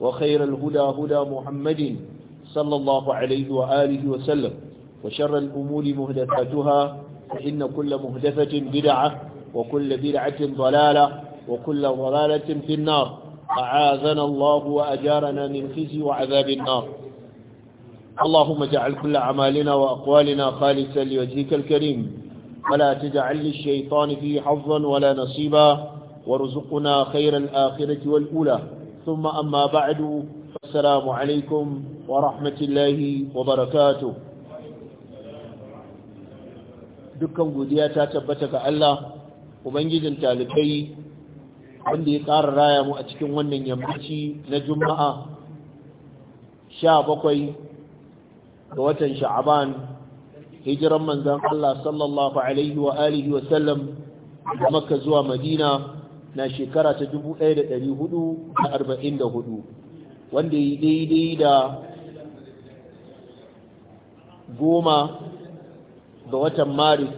وخير الهدى هدى محمد صلى الله عليه وآله وسلم وشر الأمور مهدفاتها فإن كل مهدفة بدعة وكل بدعة ضلالة وكل ضلالة في النار أعاذنا الله وأجارنا من خزي وعذاب النار اللهم اجعل كل أعمالنا وأقوالنا خالصا لوجهك الكريم ولا تجعل للشيطان فيه حظا ولا نصيبا وارزقنا خير الآخرة والأولى ثم أما بعد السلام عليكم ورحمة الله وبركاته dukkan godiya ta tabbata ga Allah ubangijin talibai wanda ya ƙara raya mu a cikin wannan yammaci na juma'a 17 ga watan sha'aban hijiran manzan Allah sallallahu alaihi wa alihi wa sallam da makka zuwa madina na shekara ta 1444 wanda yi daidai da goma ga watan maris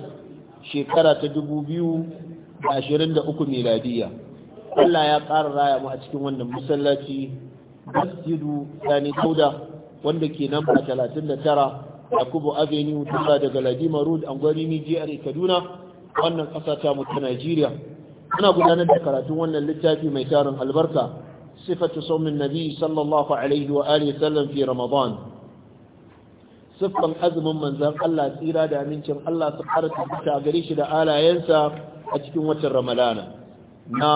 shekara ta 2023 miladiya Allah ya ƙara raya mu a cikin wannan masallaci masjidu sani kauda wanda ke nan ba 39 kubo avenue tura daga ladimar road an gwari mijiyar kaduna wannan ƙasa ta mu ta najeriya muna gudanar da karatun wannan littafi mai tarin albarka sifatu saumin nabi sallallahu alaihi wa alihi sallam fi ramadan siffan azumin manzon Allah tsira da amincin Allah su fara tabbata gare shi da alayensa a cikin watan ramadana na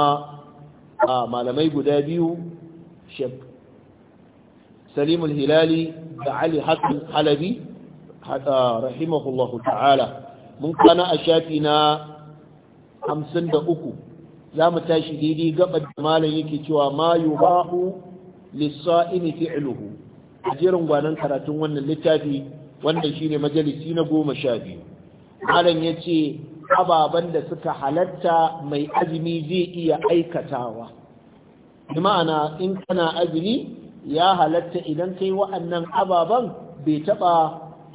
a malamai guda biyu shek salimul hilali da ali hassan halabi rahimahullahu ta'ala mun kana a shafi na hamsin da uku za mu tashi daidai gabar da malam yake cewa ma yubahu lis-sa'imi A jerin gwanan karatun wannan littafi wannan shine majalisi na goma sha biyu malam ya ce ababan da suka halatta mai azumi zai iya aikatawa bi ma'ana in kana azumi ya halatta idan kai wa'annan ababen bai taɓa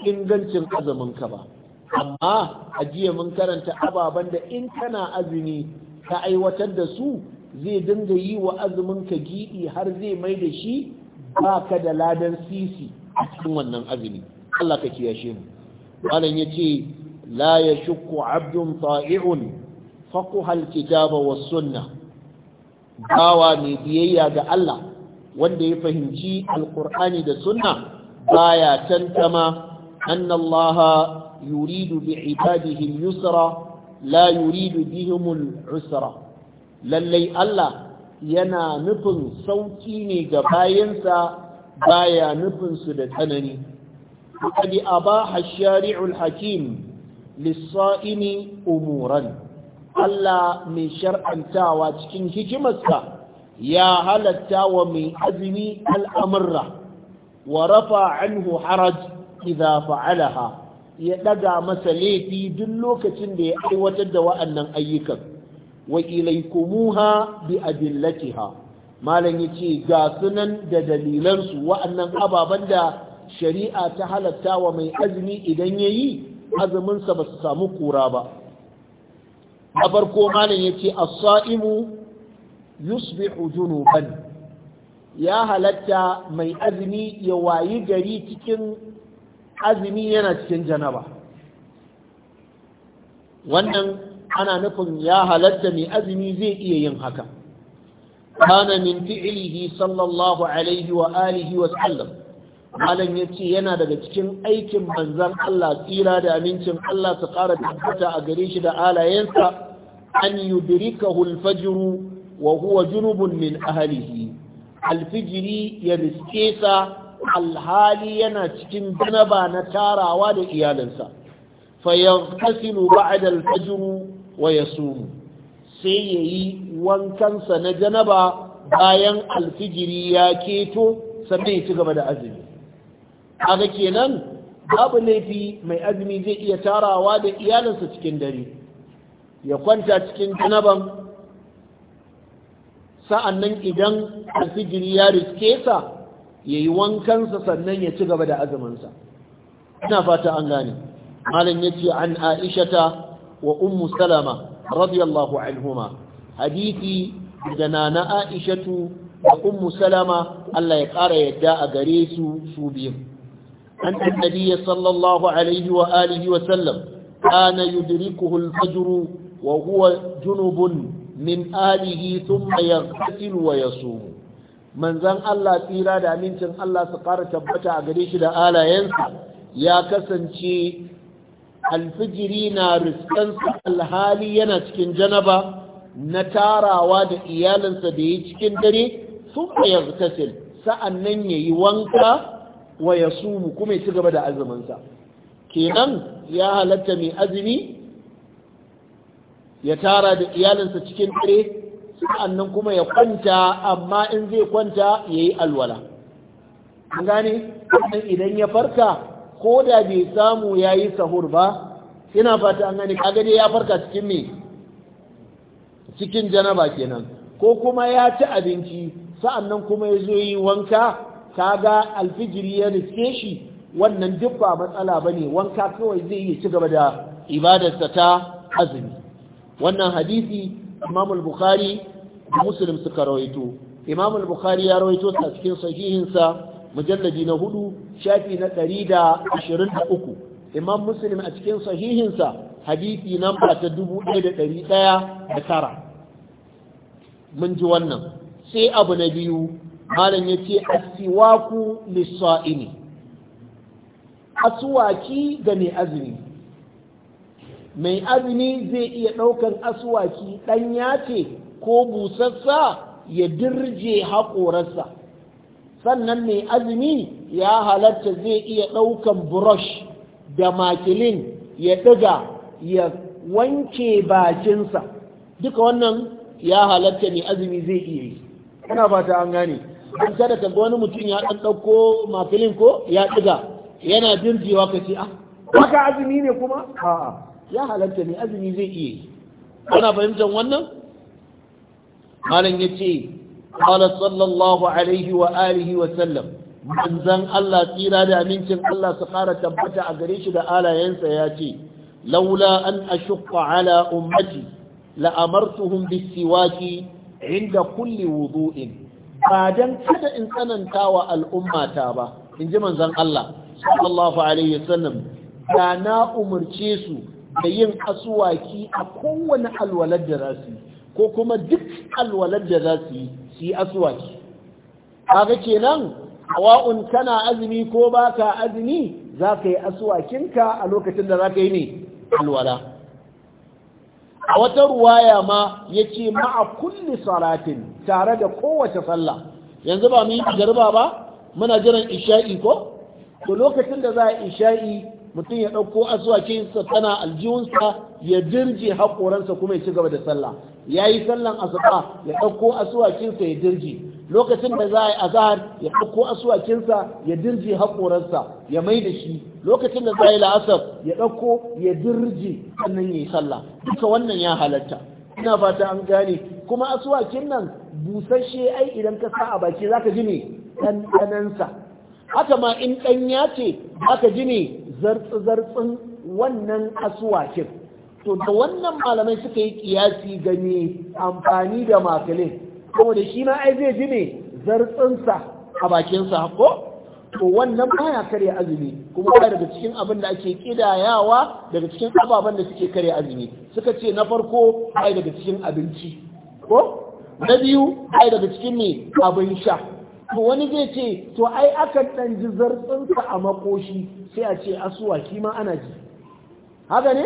ingancin azumin ba amma ajiye mun karanta ababan da in kana azumi ka aiwatar da su zai dinga yi wa azumin ka giɗi har zai mai da shi ba ka da ladan sisi a cikin wannan azumi Allah ka kiyashe mu malam yace la yashukku abdun ta'i'un faquha al-kitaba was-sunnah bawa mai biyayya ga Allah wanda ya fahimci Alƙur'ani da sunna baya tantama anna Allah yuridu bi ibadihi al-yusra la yuridu bihimul usra lallai Allah yana nufin sauki ne ga bayansa baya nufin su da tsanani qad abaha ash-shari'ul hakim lis umuran Allah mai shar'antawa cikin hikimarsa ya halatta wa mai azumi al'amurra wa rafa anhu haraj idza fa'alaha ya ɗaga masa laifi duk lokacin da ya aiwatar da wa'annan ayyukan wa ilaikumuha bi adillatiha malam yace ga sunan da dalilansu wa'annan ababen da shari'a ta halatta wa mai azumi idan yayi azuminsa ba su samu kura ba A farko malam yace as-sa'imu yusbihu ban ya halatta mai azumi ya wayi gari cikin azumi yana cikin janaba wannan ana nufin ya halatta mai azumi zai iya yin haka kana min fi'lihi sallallahu alaihi wa alihi wa sallam malam yace yana daga cikin aikin manzon Allah tsira da amincin Allah su ƙara tabbata a gare shi da alayensa an yudrikahu al-fajr wa huwa junubun min ahlihi al ya riske sa alhali yana cikin janaba na tarawa da iyalinsa fayanqasilu ba'da al-fajr wa yasum sai yayi wankansa na janaba bayan alfijiri ya keto sannan ya ci gaba da azumi Haka kenan babu laifi mai azumi zai iya tarawa da iyalinsa cikin dare ya kwanta cikin janaban sa'annan idan alfijiri ya riske sa yayi wankansa sannan ya ci gaba da azuminsa ina fata an gane malam ya an aishata wa ummu salama radiyallahu anhuma hadisi da nana aishatu da ummu salama Allah ya ƙara yadda a gare su su biyu an annabiyya sallallahu alaihi wa alihi wa sallam kana yudrikuhu al-fajr wa huwa junubun min alihi thumma yaghtasil wa yasum manzan Allah tsira da amincin Allah su ƙara tabbata a gare shi da alayensa ya kasance alfijiri na riskansa alhali yana cikin janaba na tarawa da iyalinsa da ya cikin dare sun ya tasil sa'an nan ya yi wanka wa ya sumu kuma ya ci gaba da azuminsa kenan ya halatta mai azumi ya tara da iyalinsa cikin dare sa'annan kuma ya kwanta amma in zai kwanta ya yi alwala an gane idan ya farka ko da bai samu ya yi sahur ba ina fata an gane kagade ya farka cikin mai, cikin janaba kenan ko kuma ya ci abinci sa'annan kuma ya zo yi wanka kaga alfijiri ya riske shi wannan duk ba matsala ba ne wanka kawai zai yi ci gaba da ibadarsa ta azumi wannan hadisi imam al-bukhari da muslim suka rawaito imam al-bukhari ya rawaito a cikin sahihinsa mujalladi na hudu shafi na 123 imam muslim a cikin sahihinsa hadisi namba ta 1109 mun ji wannan sai abu na biyu malam yace as-siwaku lis-sa'imi aswaki ga mai azumi mai azumi zai iya ɗaukan asuwaki ɗanya ce ko busassa ya dirje haƙorarsa sannan mai azumi ya halatta zai iya ɗaukan brush da makilin ya ɗiga ya wanke bakinsa duka wannan ya halatta mai azumi zai iya yi Kana fata an gane an tada ta wani mutum ya ɗan ɗauko makilin ko ya ɗiga yana dirjewa ka ce a? Ah, waka azumi ne kuma a'a ya halatta ne azumi zai iya yi fahimtar wannan malam ya ce qala sallallahu alaihi wa alihi wa sallam manzon Allah tsira da amincin Allah su fara tabbata a gare shi da alayensa ya ce laula an ashqa ala ummati la amartuhum inda kulli wudu'in ba dan kada in tsananta wa al'ummata ba in ji manzon Allah sallallahu alaihi wa da na umarce su da yin asuwaki a kowane alwalar da za su yi, ko kuma duk alwalar da za su yi su yi asuwaki ke kenan hawa'un kana azumi ko ba ka azumi za ka yi asuwakinka a lokacin da za ka yi ne alwala a wata ruwaya ma ya ce ma'a kulli salatin tare da kowace sallah yanzu ba mu yi ba muna jiran isha'i ko to lokacin da za a isha'i mutum ya ɗauko asuwacinsa tana aljihunsa ya dirje haƙoransa kuma ya ci gaba da sallah ya yi sallan asuba ya ɗauko asuwacinsa ya dirje lokacin da za a yi azahar ya ɗauko asuwakinsa ya dirje haƙoransa ya mai da shi lokacin da za a yi la'asar ya ɗauko ya dirje sannan ya yi sallah duka wannan ya halatta ina fata an gane kuma asuwakin nan busasshe ai idan ka sa a baki zaka ji ne ɗanɗanansa haka ma in ɗanya ce zaka ji ne zartsi-zartsin wannan asuwakin to da wannan malamai suka yi kiyasi gani amfani da makilin kuma da shi ma ai zai ji ne zartsinsa a bakinsa ko to wannan baya karya azumi kuma ba daga cikin abin da ake kidayawa daga cikin ababen da suke karya azumi suka ce na farko ai daga cikin abinci ko na biyu ai daga cikin ne abin sha to wani zai ce to ai aka ɗan ji zartsinsa a makoshi sai a ce asuwaki ma ana ji haka ne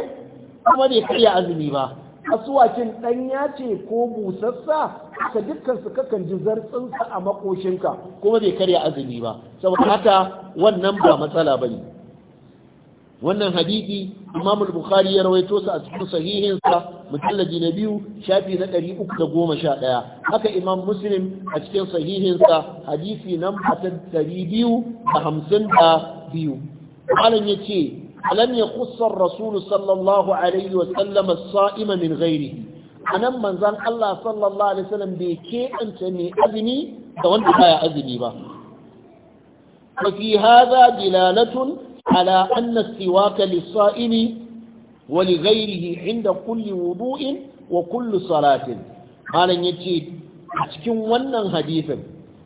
kuma bai karya azumi ba asuwakin ɗan ya ce ko busassa ka dukkan su kakan ji zartsinsa a makoshinka kuma bai karya azumi ba saboda haka wannan ba matsala bane wannan hadisi Imam al-Bukhari ya rawaito sa a cikin sahihin sa mutallaji na biyu shafi na 311 haka Imam Muslim a cikin sahihin sa hadisi namba ta 252 malam yace alam yaqussa ar-rasul sallallahu alaihi wa sallam as-sa'ima min ghairihi anan manzan Allah sallallahu alaihi wasallam bai keɓance ne azumi da wanda baya azumi ba fa fi hadha dilalatun على أن السواك للصائم ولغيره عند كل وضوء وكل صلاة قال يجي cikin wannan حديثا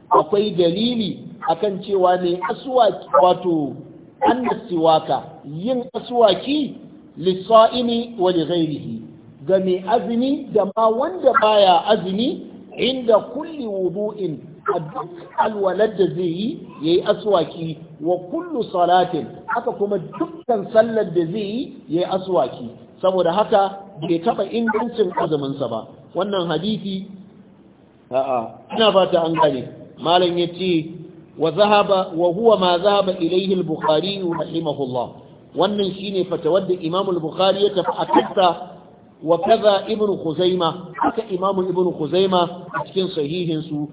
akwai dalili akan cewa ne aswaki wato annas siwaka yin aswaki lisa'imi wa lighairihi ga mai azumi da ma wanda baya azumi inda kulli wudu'in alwalar da zai yi ya yi aswaki wa kullu salatin haka kuma dukkan sallar da zai yi ya yi aswaki saboda haka bai taɓa ingancin azuminsa ba wannan hadithi a'a ina fata an gane malam ya ce wa zahaba wa huwa ma zahaba ilaihi al-bukhari rahimahullah wannan shine fatawar da imam al-bukhari ya tafi a wa kaza ibnu khuzaima haka imamu ibnu khuzaima a cikin sahihin su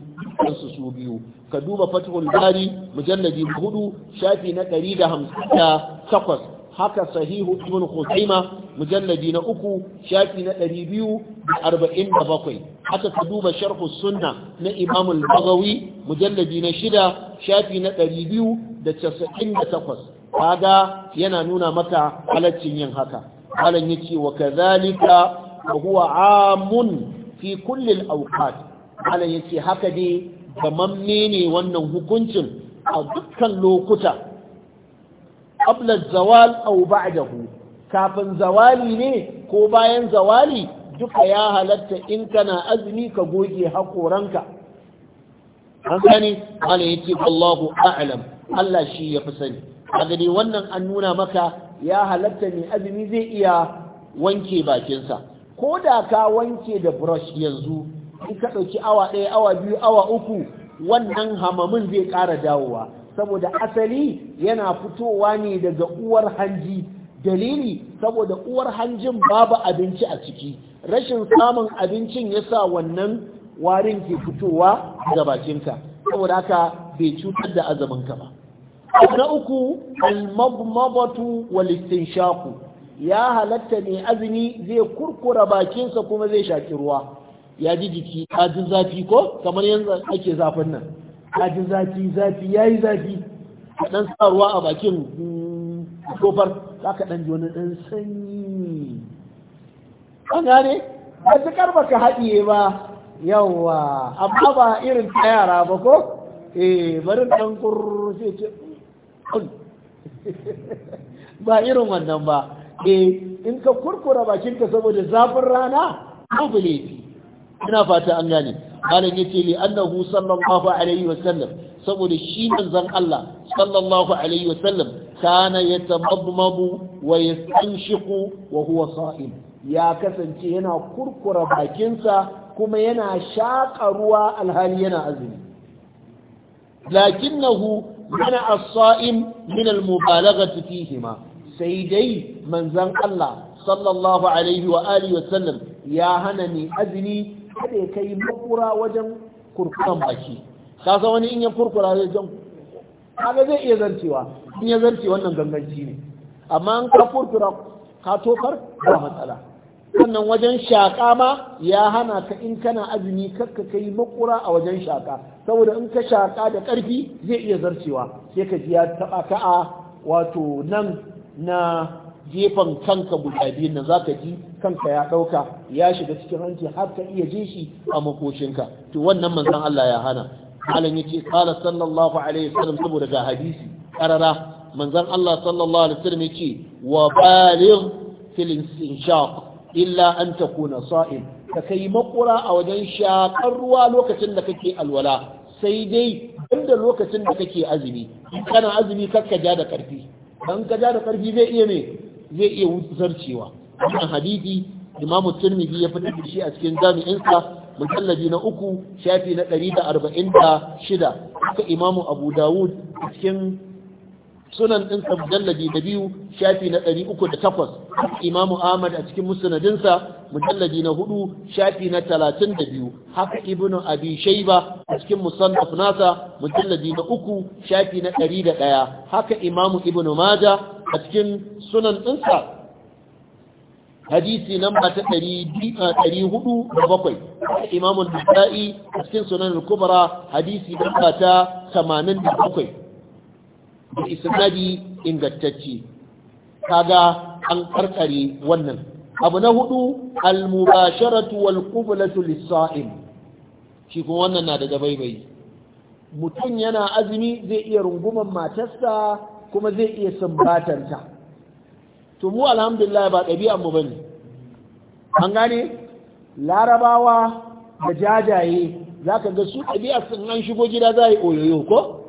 su su biyu ka duba fathul bari mujalladi hudu shafi na 158 haka sahihu ibnu khuzaima mujalladi na uku shafi na 247 haka ka duba sharhu sunna na imamu al-bagawi mujalladi na shida shafi na 298 kaga yana nuna maka halaccin yin haka malam ce wa kadhalika huwa amun fi kulli aukat. awqat ya ce haka dai gamamme ne wannan hukuncin a dukkan lokuta abla zawal aw ba'dahu kafin zawali ne ko bayan zawali duka ya halatta in kana azumi ka goge hakoranka an gani ala yake wallahu a'lam Allah shi ya fi sani a gani wannan an nuna maka ya halatta mai azumi zai iya wanke bakinsa ko da ka wanke da brush yanzu in ka ɗauki awa ɗaya awa biyu awa uku wannan hamamin zai ƙara dawowa saboda asali yana fitowa ne daga uwar hanji dalili saboda uwar hanjin babu abinci a ciki rashin samun abincin ya sa wannan warin ke fitowa daga bakinka saboda haka bai cutar da azaminka ba na uku almabmabatu wal istinshaqu ya halatta ne azumi zai kurkura bakinsa kuma zai shaki ruwa ya ji jiki ajin zafi ko kamar yanzu ake zafin nan Ajin zafi zafi yayi zafi dan sa ruwa a bakin mm, kofar zaka dan ji wani dan sanyi an gane Ba ta karba baka haɗiye ba yawa amma ba irin ta yara ba ko eh barin ɗan kurru sai ce haƙƙun ba irin wannan ba eh in ka kurkura bakinka saboda zafin rana abu laifi ina fata an gane malam yace li annahu sallallahu alaihi wa sallam saboda shi manzon Allah sallallahu alaihi wa sallam kana yatamadmadu wa yastanshiqu wa huwa sa'im ya kasance yana kurkura bakinsa kuma yana shaƙa ruwa alhali yana azumi lakinnahu mana as-sa'im min al-mubalaghati fihima sai dai manzon Allah sallallahu alaihi wa alihi wa sallam ya hana ni azumi kada ya kai makura wajen kurkuran baki ka san wani in ya kurkura zai jan kaga zai iya zancewa in ya zance wannan ganganci ne amma an ka kurkura ka tofar ba matsala sannan wajen shaƙa ma ya hana ka in kana azumi ka kai makura a wajen shaƙa saboda in ka shaƙa da ƙarfi zai iya zarcewa sai ka ji ya taɓa ka a wato nan na gefen kanka guda biyu nan za ka ji kanka ya ɗauka ya shiga cikin hanci har ka iya je shi a makoshinka to wannan manzon Allah ya hana malam ce qala sallallahu alaihi wasallam saboda ga hadisi karara manzon Allah sallallahu alaihi wasallam ce wa baligh fil inshaq illa an takuna sa'im ka kai makura a wajen shakar ruwa lokacin da kake alwala sai dai inda lokacin da kake azumi kana azumi kakka ja da karfi dan ka ja da karfi zai iya me zai iya zarcewa wannan hadisi imamu tirmidhi ya fita da shi a cikin jami'insa mujallabi na uku shafi na ɗari da arba'in shida haka imamu abu dawud cikin sunan din sa mujalladi na biyu shafi na ɗari uku da 308 Imam Ahmad a cikin musnadinsa mujalladi na hudu shafi na talatin da biyu. haka Ibn Abi Shayba a cikin musannaf nasa mujalladi na uku shafi na ɗari da ɗaya. haka Imam Ibn Majah a cikin sunan din sa hadisi namba ta 407 Imam Nasa'i a cikin sunan al-Kubra hadisi namba ta 87 da isnadi ingantacce kaga an karkare wannan abu na hudu al-mubasharatu wal qiblatu lis-sa'im shi kuma wannan na daga baibayi mutum yana azumi zai iya runguman matarsa kuma zai iya sumbatanta to mu alhamdulillah ba ɗabi'an mu bane an gane larabawa da jajaye zaka ga su ɗabi'a sun an shigo gida za yi oyoyo ko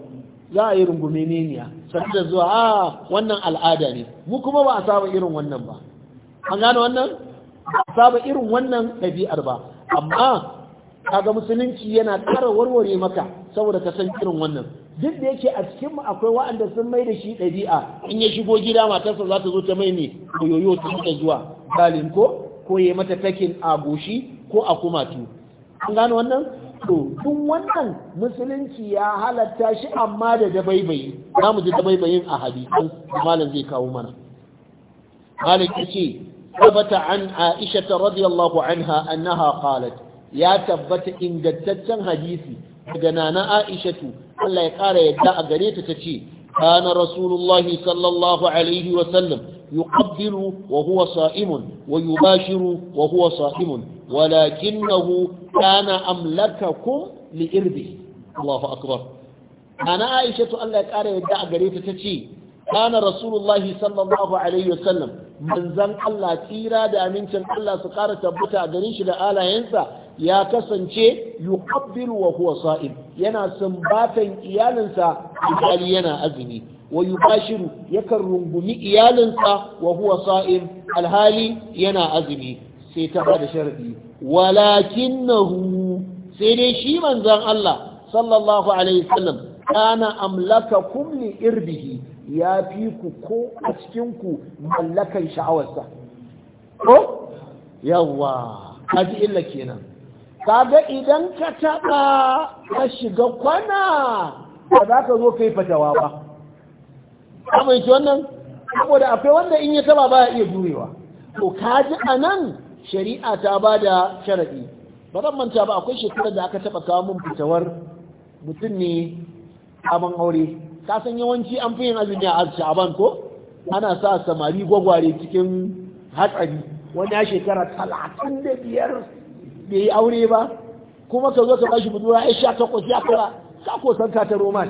za a yi rungume neniya sannan da zuwa a ah, wannan al'ada ne mu kuma ba a saba irin wannan ba an gano wannan ba a saba irin wannan ɗabi'ar ba amma kaga musulunci yana ƙara warware maka saboda ka san irin wannan duk da yake a cikin mu akwai waɗanda sun mai da shi ɗabi'a in ya shigo gida matarsa za ta zo ta mai ne koyoyo ta da zuwa galin ko ko ya mata takin a goshi ko a kumatu an gano wannan to duk wannan musulunci ya halatta shi amma da dabaibayi za mu ji dabaibayin a hadisin malam zai kawo mana malam ce, tabbata an Aisha ta radiyallahu anha annaha qalat ya tabbata ingantaccen hadisi daga nana tu, Allah ya kara yadda a gare ta tace kana rasulullahi sallallahu alaihi wa sallam يقبل وهو صائم ويباشر وهو صائم ولكنه كان أملككم لإربه الله أكبر أنا عائشة الله يقال يدع قريبة تشي كان رسول الله صلى الله عليه وسلم من زن الله تيرا دا أمينشن الله سقارة تبتع قريش لآلا ينسى ya kasance yuqabbilu wa huwa sa'im yana sumbatan iyalinsa alhali yana azumi wa yubashiru yakan rungumi iyalinsa wahuwa huwa sa'im alhali yana azumi sai ta bada sharadi walakinahu sai dai shi manzon Allah sallallahu alaihi wasallam kana amlakakum li irbihi ya fi ku ko a cikin ku mallakan sha'awarsa ko yawa kaji illa kenan kaga idan ka taɓa, ka shiga kwana ba ka zo kai fatawa ba abin wannan saboda akwai wanda in ya taba ba ya iya jurewa to kaji a nan shari'a ta ba da sharaɗi ba zan manta ba akwai shekarar da aka taba kawo mun fitawar mutum ne aban aure ka san yawanci an fi yin azumi a Al-Shaban ko ana sa samari gwagware cikin hatsari wani ya shekara talatin da biyar bai yi aure ba kuma ka zo ka bashi budura ya sha takwas ya kara ka ko san ka ta roman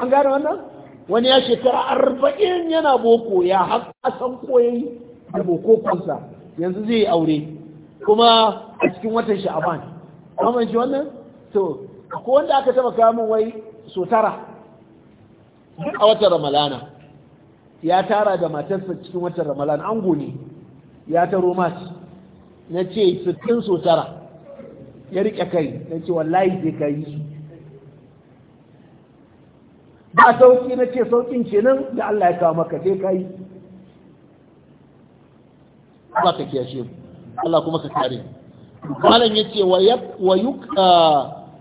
an gane wannan wani ya shekara arba'in yana boko ya haka san koyi da kansa yanzu zai yi aure kuma a cikin watan sha'aban kamar shi wannan to ko wanda aka taba kama wai so tara a watan ramalana ya tara da matarsa cikin watan ramalana an ne. ya taro mace na ce sittin so tara ya rike kai na ce wallahi zai kai su ba sauki na ce saukin kenan da Allah ya kawo maka sai kai ba ka kiyashe Allah kuma ka kare malam yace wa yak wa yuk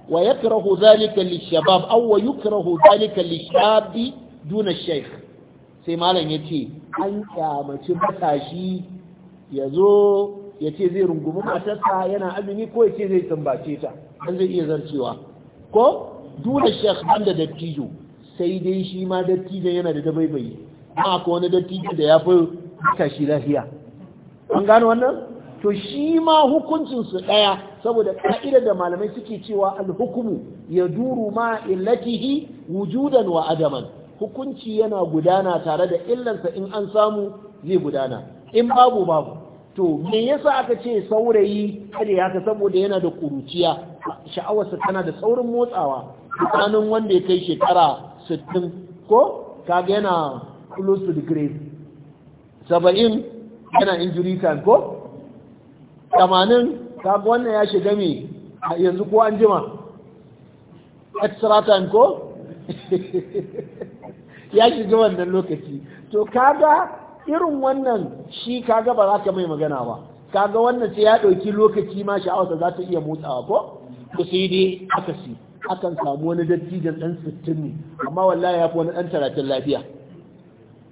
wa yakrahu zalika lishabab aw wa yakrahu zalika lishabi duna shaykh sai malam yace an kyamaci matashi yazo yace zai rungumi matarsa yana azumi ko yace zai tambace ta dan zai iya zarcewa ko duna shaykh banda dattijo sai dai shi ma dattijan yana da dabaibai ba ko wani dattijan da ya fi kashi lafiya an gano wannan to shi ma hukuncinsu ɗaya saboda ƙa'idar da malamai suke cewa alhukumu ya duru ma illatihi wujudan wa adaman hukunci yana gudana tare da illansa in an samu zai gudana in babu babu to me yasa aka ce saurayi kada ya ka saboda yana da kuruciya sha'awarsa tana da saurin motsawa tsakanin wanda ya kai shekara 60 ko kaga yana close to the grave 70 yana injury time ko 80 kaga wannan ya shiga me yanzu ko an jima extra time ko ya shiga wannan lokaci to kaga irin wannan shi kaga ba za ka mai magana ba kaga wannan sai ya ɗauki lokaci ma sha'awata za ta iya motsawa ko ku sai dai aka si. akan samu wani dattijan ɗan sittin ne amma wallahi ya fi wani ɗan talatin lafiya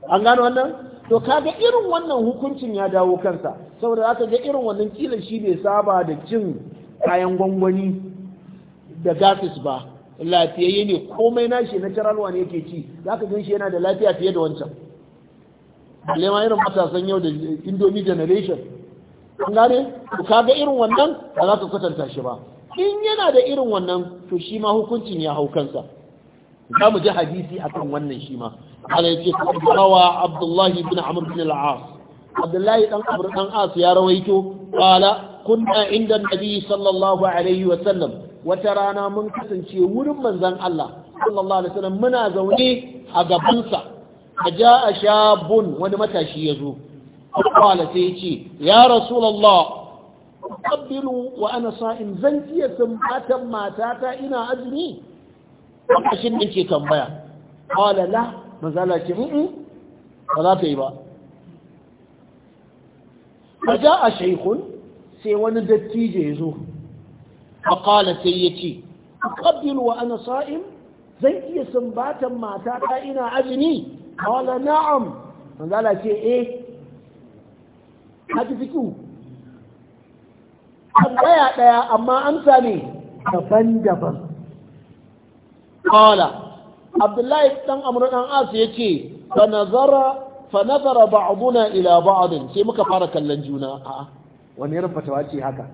an gano wannan to kaga irin wannan hukuncin ya dawo kansa saboda aka ga irin wannan kila shi bai saba da cin kayan gwangwani da gasis ba lafiyayye ne komai nashi na caralwa ne yake ci za ka gan shi yana da lafiya fiye da wancan lema irin matasan yau da indomie generation an gane to kaga irin wannan ba za ka kwatanta shi ba in yana da irin wannan to shi ma hukuncin ya hau kansa za mu ji hadisi a kan wannan shi ma ala yace rawa abdullahi ibn amr bin al abdullahi dan amr dan as ya rawaito qala kunna inda nabi sallallahu alaihi wa sallam wata rana mun kasance wurin manzon Allah sallallahu alaihi wa sallam muna zaune a gaban sa aja ashabun wani matashi yazo qala sai yace ya rasulullah uqabbilu wa ana sa'im zan iya sumbatan matata ina azumi kashin da ke tambaya qala la manzala ce mm ba za ta yi ba ja a shaykhun sai wani dattijo ya zo fa qala sai yace uqabbilu wa ana sa'im zan iya sumbatan matata ina azumi qala na'am manzala ce eh hadi fiku tambaya ɗaya amma amsa ne daban-daban ƙala abdullahi ɗan amur dan as ya ce fa nazara ba'aduna ila ba'adun sai muka fara kallon juna a wani irin fatawa ce haka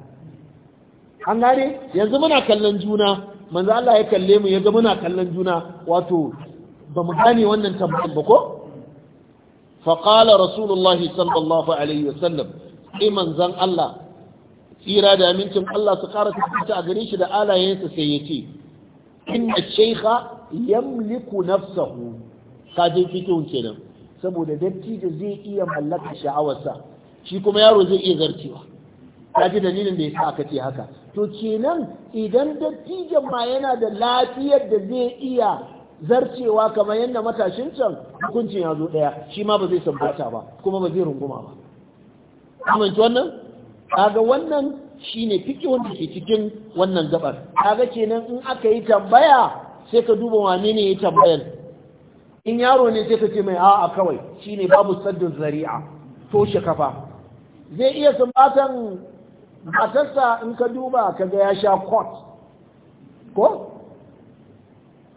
an gane yanzu muna kallon juna manzo Allah ya kalle mu ya ga muna kallon juna wato ba mu gane wannan tambayan ba ko fa qala rasulullahi sallallahu alaihi wasallam sai eh, manzon Allah tsira da amincin Allah su ƙara tabbata a gare shi da alayensa sai ya ce inna shaykha yamliku nafsahu kajin fikihun kenan saboda dattijo zai iya mallaka sha'awarsa shi kuma yaro zai iya zarcewa kaji dalilin da sa aka ce haka to kenan idan dattijon ma yana da lafiyar da zai iya zarcewa kamar yadda matashin can hukuncin ya zo ɗaya shi ma ba zai sambata ba kuma ba zai runguma ba amince wannan kaga wannan shine fiki wanda ke cikin wannan gabar kaga kenan in aka yi tambaya sai ka duba wane ne ya tambayar in yaro ne sai ka ce mai a'a kawai shine babu saddin zari'a toshe kafa zai iya sumbatan matarsa in ka duba kaga ya sha kot ko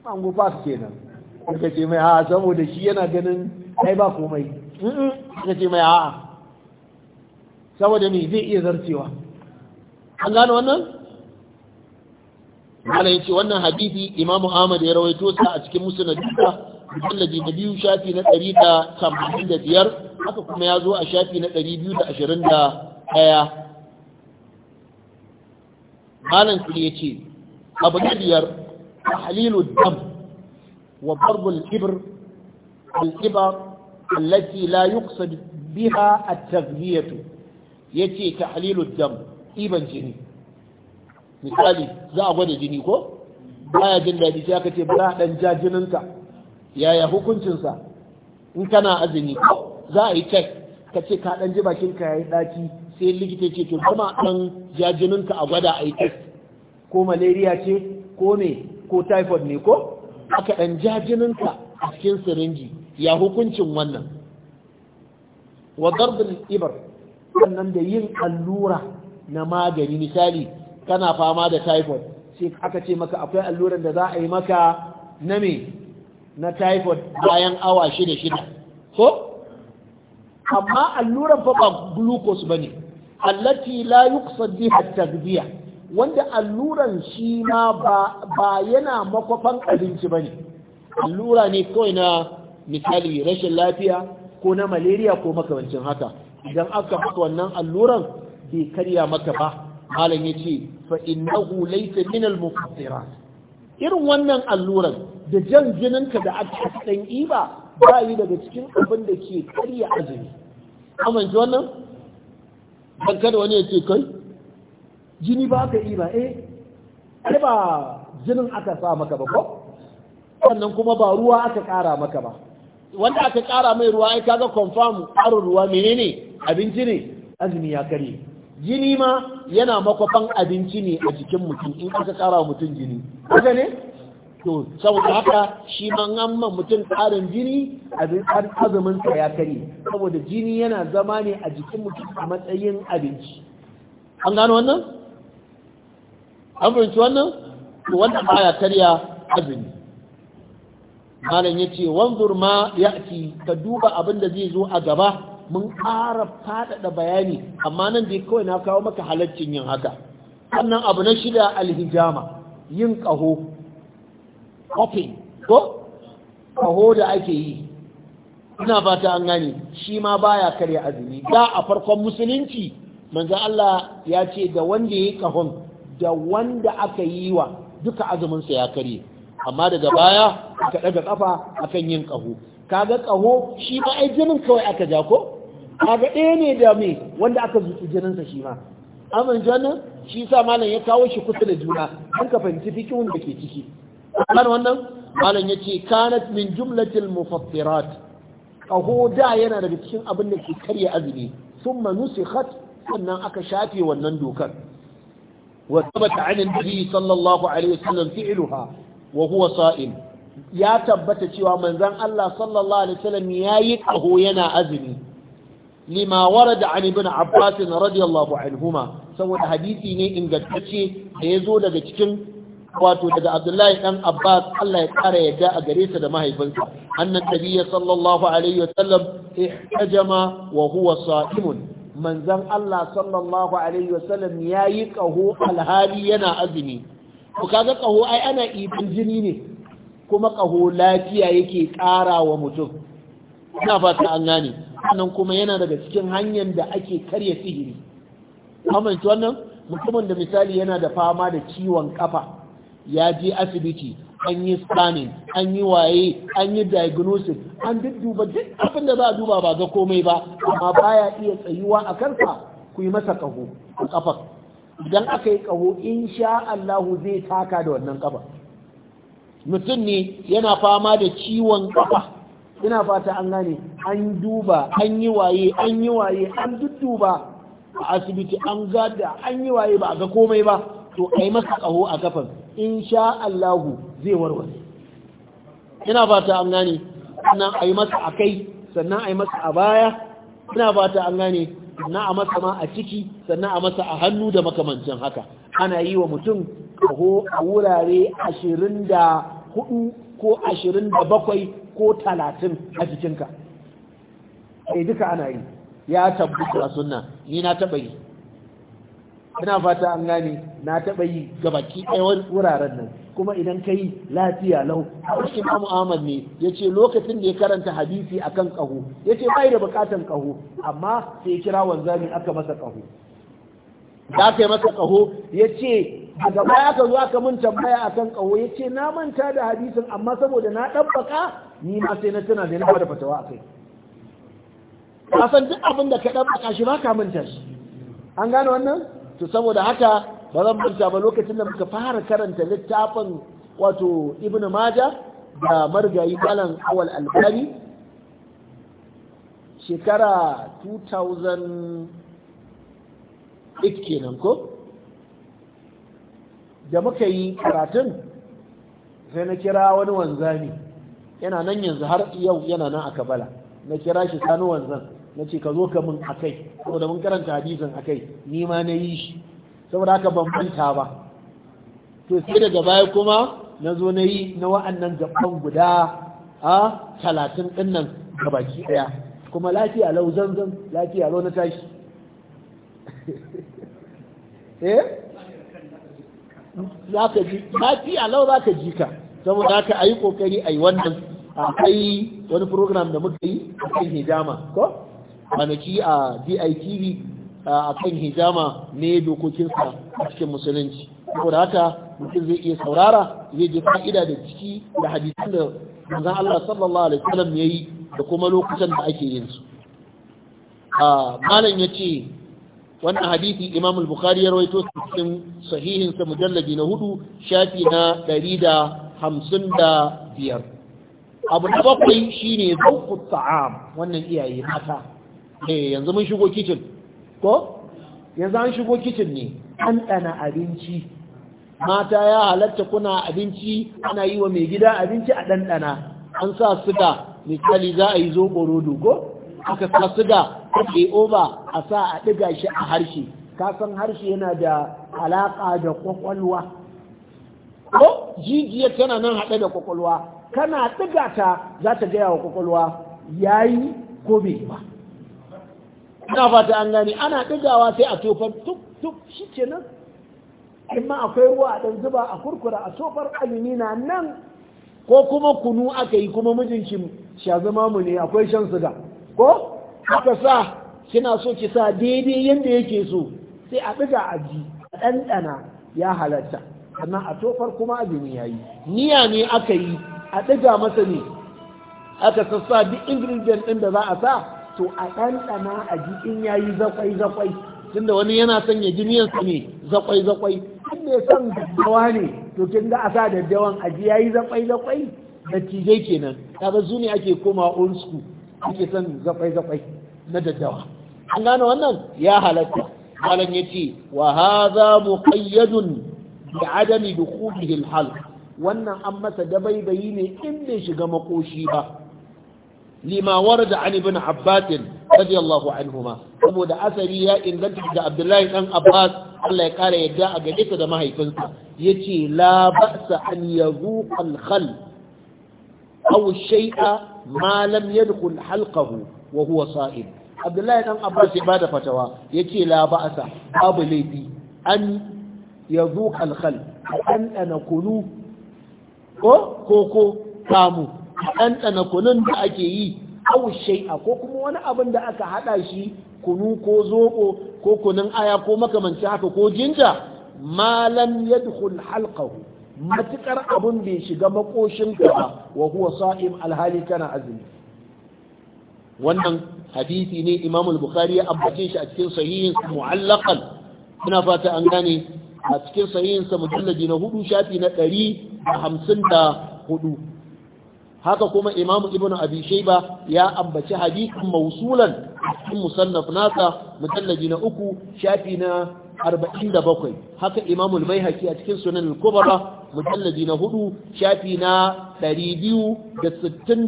an gufa kenan kuka ce mai a'a saboda shi yana ganin ai ba komai ka ce mai a'a saboda me zai iya zarcewa an gano wannan Allah yace wannan hadisi Imam Ahmad ya rawaito sa a cikin musnadinsa mujallaji na biyu shafi na 185 haka kuma ya zo a shafi na 221 malam ya ce, abu na biyar halilu dam wa darbul ibr al-ibar التي لا يقصد بها التغذية yace tahlilud dam iban jini misali za a gwada jini ko baya jin daɗi sai aka ce ba dan ja jininka yaya hukuncinsa in kana azumi za a yi check ka ce ka ɗan ji bakin ka yayi ɗaki sai likita ce to kuma ɗan ja jininka a gwada a yi test ko malaria ce ko ne ko typhoid ne ko aka ɗan ja jininka a cikin sirinji ya hukuncin wannan wa darbin ibar nan da yin allura na magani misali kana fama da typhoid sai aka ce maka akwai alluran da za a yi maka na me na typhoid bayan awa shida shida ko amma alluran fa ba glucose bane allati la yuqsad biha at wanda alluran shi ma ba yana makwafan abinci bane allura ne kawai na misali rashin lafiya ko na malaria ko makamancin haka idan aka maka wannan alluran bai karya maka ba malam yace fa innahu laysa min al-muqaddirat irin wannan alluran da jan ka da aka dan iba ba yi daga cikin abin da ke karya azumi amince wannan dan kada wani ya ce kai jini ba ka iba eh ai ba jinin aka sa maka ba ko sannan kuma ba ruwa aka kara maka ba wanda aka kara mai ruwa ai kaga confirm ƙarin ruwa menene abinci ne azumi ya kare jini ma yana makwafan abinci ne a jikin mutum in aka kara mutum jini haka ne to saboda haka shi ma an mutum karin jini abin azumin sa ya kare saboda jini yana zama ne a jikin mutum a matsayin abinci an gano wannan an fahimci wannan to wannan baya karya azumi malam yace wanzur ma ya'ti ka duba abin da zai zo a gaba mun ƙara faɗaɗa bayani amma nan dai kawai na kawo maka halaccin yin haka sannan abu na shida alhijama yin ƙaho kofin ko ƙaho da ake yi ina fata an gani shi ma baya karya azumi da a farkon musulunci manzo Allah ya ce da wanda ya yi ƙahon da wanda aka yi wa duka azuminsa ya karye amma daga baya ka daga kafa akan yin ƙaho kaga ƙaho shi ba ai jinin kawai aka ja ko kaga ɗaya ne da me wanda aka zuci jininsa shi ma amin jannan shi sa malam ya kawo shi kusa da juna an ka fahimci fikihun da ke ciki kan wannan malam ya ce kanat min jumlatil mufattirat kaho da yana daga cikin abin da ke karya azumi summa nusikhat sannan aka shafe wannan dokar wa tabbata an annabi sallallahu alaihi wasallam fi'luha wa huwa sa'im ya tabbata cewa manzon Allah sallallahu alaihi wasallam yayi kaho yana azumi lima warada an ibn abbas radiyallahu anhuma saboda hadisi ne ingantacce da yazo daga cikin wato daga abdullahi dan abbas Allah ya kara yadda a gare sa da mahaifinsa annan ya sallallahu alaihi wasallam ihtajama wa huwa sa'imun Manzan Allah sallallahu alaihi wasallam yayi kaho alhali yana azumi to kaga kaho ai ana ibin jini ne kuma kaho lafiya yake ƙara wa mutum ina fata an gane sannan kuma yana daga cikin hanyar da ake karya sihiri amince wannan mutumin da misali yana da fama da ciwon kafa ya je asibiti an yi scanning an yi waye an yi diagnosis an dudduba duk abin da za a duba ba ga komai ba amma baya iya tsayuwa a kansa ku yi masa kaho a kafar idan aka yi kaho insha Allahu zai taka da wannan kafa mutum ne yana fama da ciwon kafa ina fata an gane an duba an yi waye an yi waye an dudduba a asibiti an gada an yi waye ba a ga komai ba to a yi masa kaho a kafan insha Allahu zai warware ina fata an gane sannan a yi masa a kai sannan a yi masa a baya ina fata an gane sannan a masa ma a ciki sannan a masa a hannu da makamancin haka ana yi wa mutum ƙaho a wurare ashirin da hudu ko ashirin da bakwai ko talatin a jikinka ai eh, duka ana yi ya tabbata a sunna ni na taba yi ina fata an gane na taɓa yi gabaki ɗaya wuraren nan kuma idan ka yi lafiya lau imamu ahmad ne ya ce lokacin da ya karanta hadisi akan ƙaho ya bai da buƙatan ƙaho amma sai ya kira wanzami aka masa ƙaho da ka yi masa ƙaho ya ce daga baya ka zo aka mun tambaya akan ƙawo ya ce na manta da hadisin amma saboda na ɗabbaka ni ma sai na tuna da na bada fatawa a kai ka san duk abin da ka ɗabbaka shi ba ka manta shi an gane wannan to saboda haka ba zan manta ba lokacin da muka fara karanta littafin wato ibnu maja da margayi malam awal albani shekara 2008 kenan ko da muka yi karatun sai na kira wani wanzani yana nan yanzu har yau yana nan a kabala na kira shi sanu wanzan na ce ka zo ka mun akai saboda mun karanta hadisin akai ni ma na yi shi saboda haka ban manta ba to sai daga baya kuma na zo na yi na wa'annan gaban guda a talatin dinnan ga baki ɗaya kuma lafiya lau zanzan lafiya lau na tashi eh za ka ji lau za ka ji ka saboda haka a yi ƙoƙari a yi wannan akwai wani program da muka yi a kan hijama ko kwanaki a DITV a kan hijama ne dokokinsa a cikin musulunci saboda haka mutum zai iya saurara zai ji fa'ida da ciki da hadisin da manzon Allah sallallahu alaihi wasallam yayi da kuma lokutan da ake yin su malam yace wannan hadisi imam al-bukhari ya rawaito cikin sahihin sa mujalladi na hudu shafi na 155 abu da bakwai shine zauku ta'am wannan iyaye mata eh yanzu mun shigo kitchen ko yanzu an shigo kitchen ne an dana abinci mata ya halatta kuna abinci ana yi wa mai gida abinci a dandana an sa suga misali za a yi zobo rodo ko aka sa suga ake oba a sa a ɗiga shi a harshe kasan harshe yana da alaƙa da kwakwalwa ko jijiya tana nan haɗe da ƙwaƙwalwa kana ɗiga ta za ta gaya wa ƙwaƙwalwa ya yi ko bai ba ina fata an gani ana ɗigawa sai a tofar tuk tuk shi ce nan amma akwai ruwa a ɗan zuba a kurkura a tofar alimi na nan ko kuma kunu aka yi kuma mijinki sha zama mu ne akwai shan suga ko aka sa kina so ki sa daidai yadda yake so sai a ɗiga a ji a ɗanɗana ya halatta sannan a tofar kuma azumi ya yi niya ne aka yi a ɗiga masa ne aka sassa duk ingredient ɗin da za a sa to a ɗanɗana a ji in ya yi zakwai zakwai tunda wani yana son ya ji niyyarsa ne zakwai zakwai in ne son daddawa ne to kin ga a sa daddawan a ji ya yi zakwai zakwai dattijai kenan kaga su ne ake komawa old school ake son zakwai zakwai na daddawa an gano wannan ya halatta malam yace wa hadha muqayyadun bi adami dukhulihi al-halq wannan an masa dabaibayi ne in bai shiga makoshi ba lima warada an ibn abbas radiyallahu anhuma saboda asari ya inganta da abdullahi dan abbas Allah ya kara yadda a gare ta da mahaifinsa yace la ba'sa an yazuqa al-khal aw shay'a ma lam yadkhul halqahu wa huwa abdullahi dan abbas ya bada fatawa yace la ba'sa babu laifi an yazuq al a an ana kunu ko koko kamu an ana kunun da ake yi aw shay'a ko kuma wani abin da aka haɗa shi kunu ko zoɓo ko kunun aya ko makamanci haka ko jinja malam yadkhul halqahu Matuƙar abun bai shiga makoshin ka ba wa huwa sa'im alhali kana azumi wannan hadisi ne imam al-bukhari ya ambace shi a cikin sahihin mu'allaqan ina fata an gane a cikin sahihin sa mujalladi na hudu shafi na 154 haka kuma imam ibnu abi shayba ya ambaci hadisin mausulan cikin musannaf nasa mujalladi na uku shafi na 47 haka imam al-baihaqi a cikin sunan al-kubra mujalladi na hudu shafi na 261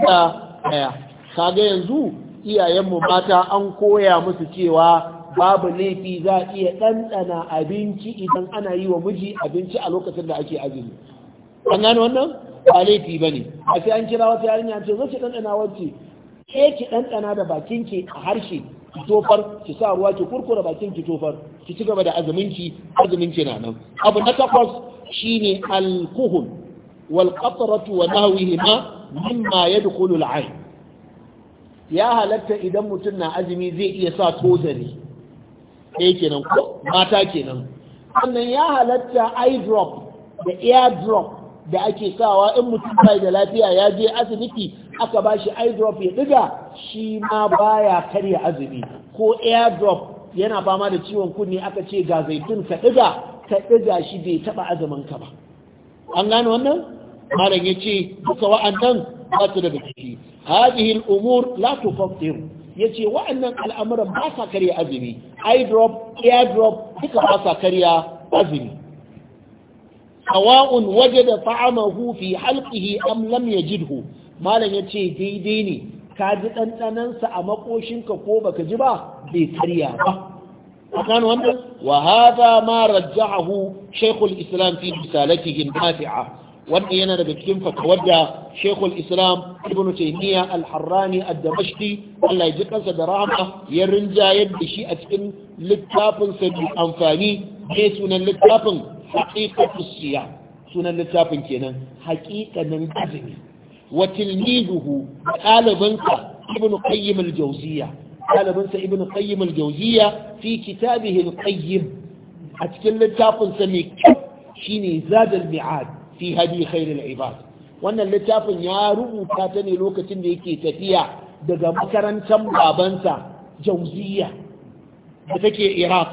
kaga yanzu iyayenmu mata an koya musu cewa babu laifi za a iya ɗanɗana abinci idan ana yi wa miji abinci a lokacin da ake azumi an wannan ba laifi ba ne a sai an kira wata yarinya ce zo ki ɗanɗana wacce ke ki ɗanɗana da bakin ki a harshe ki tofar ki sa ruwa ki kurkura bakin ki tofar ki ci gaba da azumin ki azumin ki na nan abu na takwas shine alkuhul wal qatratu wa nahwihima mimma ya dukulu la'ai. ya halatta idan mutum na azumi zai iya sa tozari ɗaya kenan ko mata kenan sannan ya halatta idrop da airdrop da ake sawa in mutum bai da lafiya ya je asibiti aka ba shi eye ya ɗiga shi ma baya karya azumi ko airdrop yana fama da ciwon kunne aka ce ga zaitun ka ɗiga ka ɗiga shi bai taɓa azumin ka ba an gane wannan malam yace duka wa'annan ba ta daga ciki umur la tufattir yace wa'annan al'amuran ba sa karya azumi eye drop ear drop duka ba sa karya azumi sawa'un wajada ta'amahu fi halqihi am lam yajidhu malam yace daidai ne ka ji ɗanɗanansa a makoshinka ko baka ji ba bai karya ba أكان وهذا ما Islam شيخ الإسلام في رسالته النافعة wanda yana daga cikin fatawar da Sheikhul Islam Ibn Taymiyyah Al-Harrani Ad-Damashqi Allah ya ji kansa da rahama ya rinjayar da shi a cikin littafin sa bi amfani ne sunan littafin Haqiqatus Siyam sunan littafin kenan haqiqanin azumi wa tilmiduhu ɗalibansa Ibn Qayyim al-Jawziyya ɗalibansa Ibn Qayyim al-Jawziyya fi kitabihi al-Qayyim a cikin littafin sa mai shine Zadul Mi'ad fi hadi khairul ibad wannan littafin ya rubuta ta ne lokacin da yake tafiya daga makarantar babansa jauziya da take iraq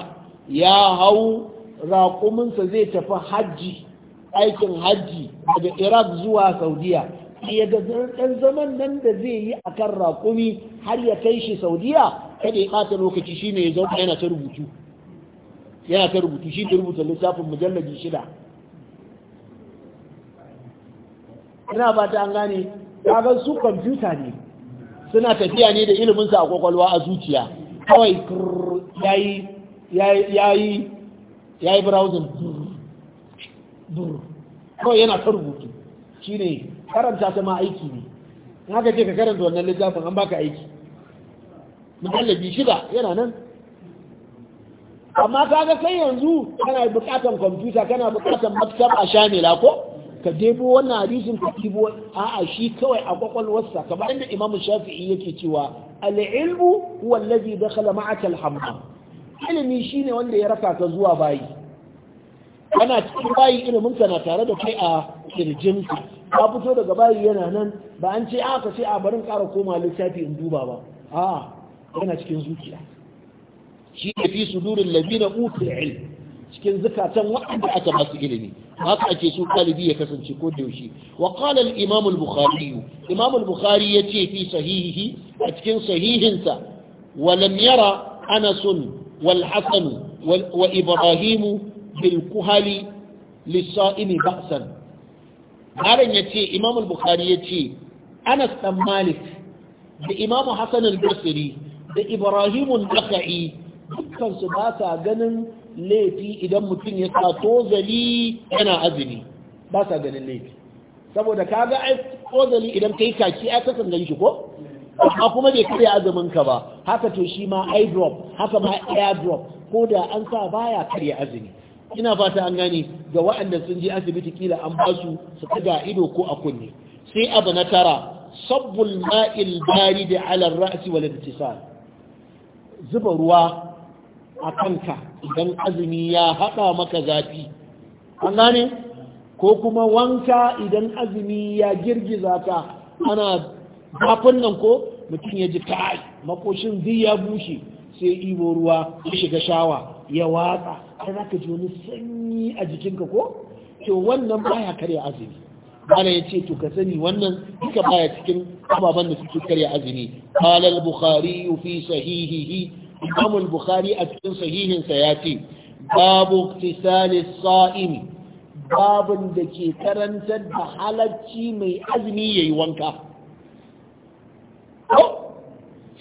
ya hau raƙuminsa zai tafi hajji aikin hajji daga iraq zuwa saudiya ya ga ɗan zaman nan da zai yi a kan raƙumi har ya kai shi saudiya kada ya ɓata lokaci shi ne ya zauka yana ta rubutu yana ta rubutu shi ne rubuta littafin mujallabi shida ina ba ta an gane kaga su kwamfuta ne suna tafiya ne da ilimin sa a kwakwalwa a zuciya kawai ya yi browsing dur kawai yana ta rubutu ne karanta ta ma aiki ne na ka ce ka karanta wannan littafin an baka aiki mahallabi shida yana nan amma kaga sai yanzu kana bukatan kwamfuta kana bukatan a shamila ko ka debo wannan hadisin ka kibo a'a shi kawai a kwakwalwarsa kamar inda imamu shafi'i yake cewa al'ilmu huwa allazi kala ma'aka al-hammam ilimi shine wanda ya raka ka zuwa bayi kana cikin bayi ilimin ka na tare da kai a kirjinka ka fito daga bayi yana nan ba an ce a ka ce a barin ƙara koma lissafi in duba ba a yana cikin zuciya shi ne fi sudurin labina utul ilm cikin zukatan waɗanda aka masu ilimi haka ake so ɗalibi ya kasance ko da yaushe wa imam al bukhari imam al bukhari yace fi sahihihi a cikin sahihinsa wa lam yara anas wal hasan wa ibrahim bil kuhali lisaimi ba'san haran yace imam al bukhari yace anas dan malik da imam hasan al basri da ibrahim al dukkan su ba sa ganin laifi idan mutum ya sa tozali yana azumi ba sa ganin laifi saboda ka ga tozali idan ka yi kaki a kasan gan shi ko amma kuma bai karya azumin ka ba haka to shi ma eye drop haka ma air drop ko da an sa baya karya azumi ina fata an gane ga waɗanda sun je asibiti kila an ba su su kaga ido ko a kunne sai abu na tara sabbul ma'il barid ala ar-ra's wal zuba ruwa a kanka idan azumi ya haɗa maka zafi an gane ko kuma wanka idan azumi ya girgiza ka ana zafin nan ko mutum ya ji ta'ai makoshin zai ya bushe sai ibo ruwa ya shiga shawa ya watsa ai za ka ji wani sanyi a jikinka ko to wannan baya karya azumi bana ya ce to ka sani wannan duka baya cikin ababen da suke karya azumi qala al-bukhari fi sahihihi Imam al-Bukhari a cikin sahihinsa ya ce babu tisali sa'imi babun da ke karantar da halarci mai azumi yayi wanka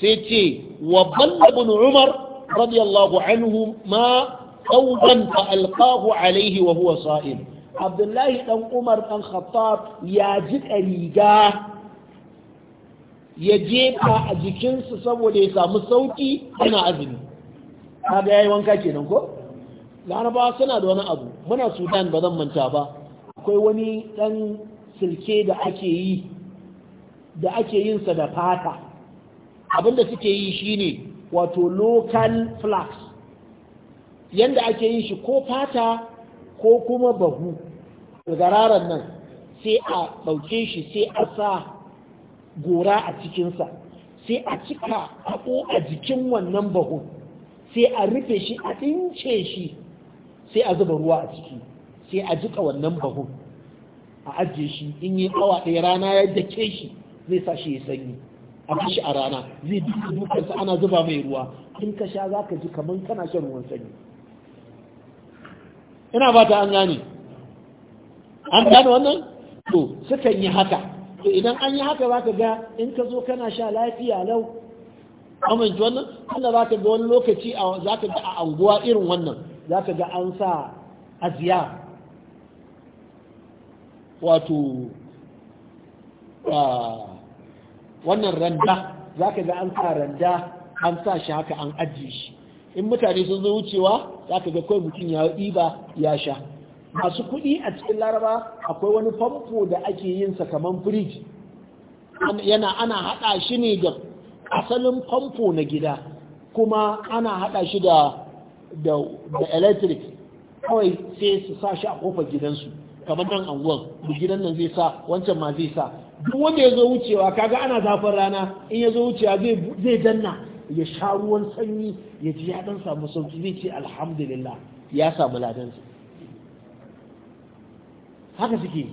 sai ce wa balla Umar radiyallahu anhu ma qawlan fa alqahu alayhi wa huwa sa'im Abdullahi dan Umar dan Khattab ya ji riga ya jefa a jikinsu saboda ya samu sauki yana azumi kaga yayi wanka kenan ko laraba suna da wani abu muna sudan ba zan manta ba akwai wani ɗan silke da ake yi da ake yin sa da fata abinda suke yi shine wato local flax yanda ake yin shi ko fata ko kuma bahu gararan nan sai a ɗauke shi sai a sa gora a cikinsa sai a cika haɓu a jikin wannan bahon sai a rufe shi a ɗince shi sai a zuba ruwa a ciki sai a jika wannan bahon a ajiye shi in yi awa ɗaya rana ya dake shi zai sa shi ya sanyi a kashi a rana zai duka dukansa ana zuba mai ruwa in ka sha za ka ji kamar kana shan ruwan sanyi ina ba ta an gane an gane wannan to sukan yi haka to idan an yi haka zaka ga in ka zo kana sha lafiya lau amince wannan Allah zaka ga wani lokaci a zaka ga a anguwa irin wannan zaka ga an sa aziya wato wannan randa zaka ga an sa randa an sa shi haka an ajiye shi in mutane sun zo wucewa zaka ga kawai mutum ya ba ya sha masu kuɗi a cikin laraba akwai wani famfo da ake yin sa firiji yana ana haɗa shi ne da asalin famfo na gida kuma ana haɗa shi da da electric kawai sai su sa shi a kofar gidansu kamar nan anguwan da gidan nan zai sa wancan ma zai sa duk wanda ya zo wucewa kaga ana zafin rana in ya zo wucewa zai danna ya sha ruwan sanyi ya ji ya dan samu sauki zai ce alhamdulillah ya samu ladansa haka suke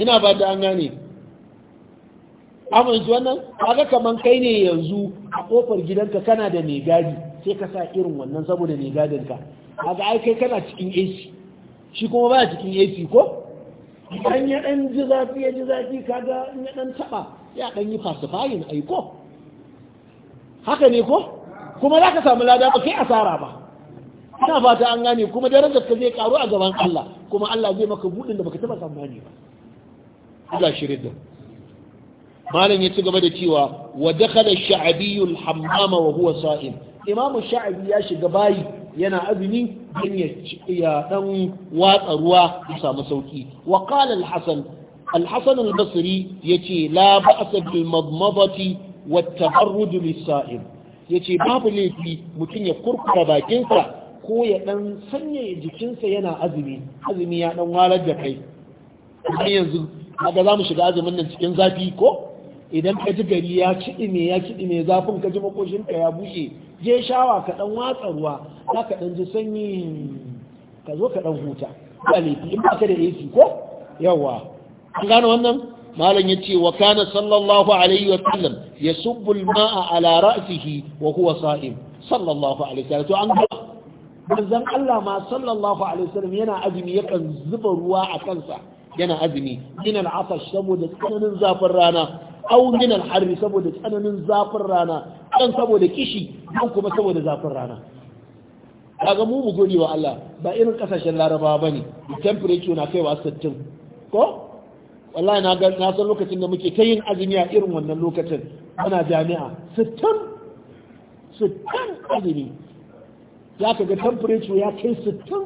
ina ba da an gane amince wannan haka kaman kai ne yanzu a kofar gidanka kana da mai gadi sai ka sa irin wannan saboda mai gadinka haka ai kai kana cikin AC shi kuma ba cikin AC ko an ya dan ji zafi ya ji zafi kaga ya dan taba ya dan yi fasifying ai haka ne ko kuma za ka samu lada ba kai asara ba ina fata an gane kuma darajar ka zai karu a gaban Allah kuma Allah zai maka budin da baka taba tsammani ba Allah shirin da malam ya ci gaba da cewa wa dakhala ash-sha'bi hammama wa huwa sa'im imamu sha'bi ya shiga bayi yana azumi dan ya dan watsa ruwa ya samu sauki wa qala al-hasan الحسن البصري يتي لا بأس بالمضمضة والتبرد للصائم babu باب ليتي ya يقرق bakinsa. ko ya dan sanyaya jikinsa yana azumi azumi ya dan walar da kai kuma yanzu kaga za mu shiga azumin nan cikin zafi ko idan ka ji gari ya me ya me zafin ka ji ka ya bushe je shawa ka dan watsa ruwa za ka dan ji sanyi ka zo ka dan huta ba laifi in ba ka da AC ko yawa an gano wannan malam ya ce wa kana sallallahu alaihi wa sallam ya subbu al-ma'a ala ra'sihi wa huwa sa'im sallallahu alaihi wa sallam to an gano. manzan Allah ma sallallahu alaihi wasallam yana azumi yakan zuba ruwa a kansa yana azumi min al-atash saboda tsananin zafin rana aw min al saboda tsananin zafin rana dan saboda kishi dan kuma saboda zafin rana kaga mu mu gode wa Allah ba irin kasashen Larabawa bane temperature na kaiwa 60 ko wallahi na ga na san lokacin da muke ta yin azumi a irin wannan lokacin ana jami'a 60 60 azumi za ka ga temperature ya kai sittin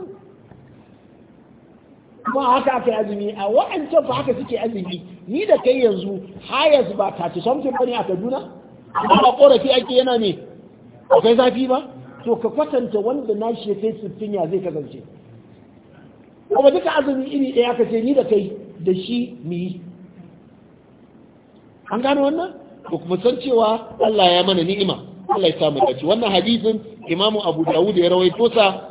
kuma haka aka yi azumi a wa'ancan fa haka suke azumi ni da kai yanzu hayas ba ta ci something bane a Kaduna amma ba korafi ake yana ne akwai zafi ba to ka kwatanta wanda na shi kai sittin ya zai kasance kuma duka azumi iri ɗaya ka ce ni da kai da shi mu yi an gano wannan ko kuma san cewa Allah ya mana ni'ima Allah ya samu dace wannan hadisin imamu abu dawud ya rawaito sa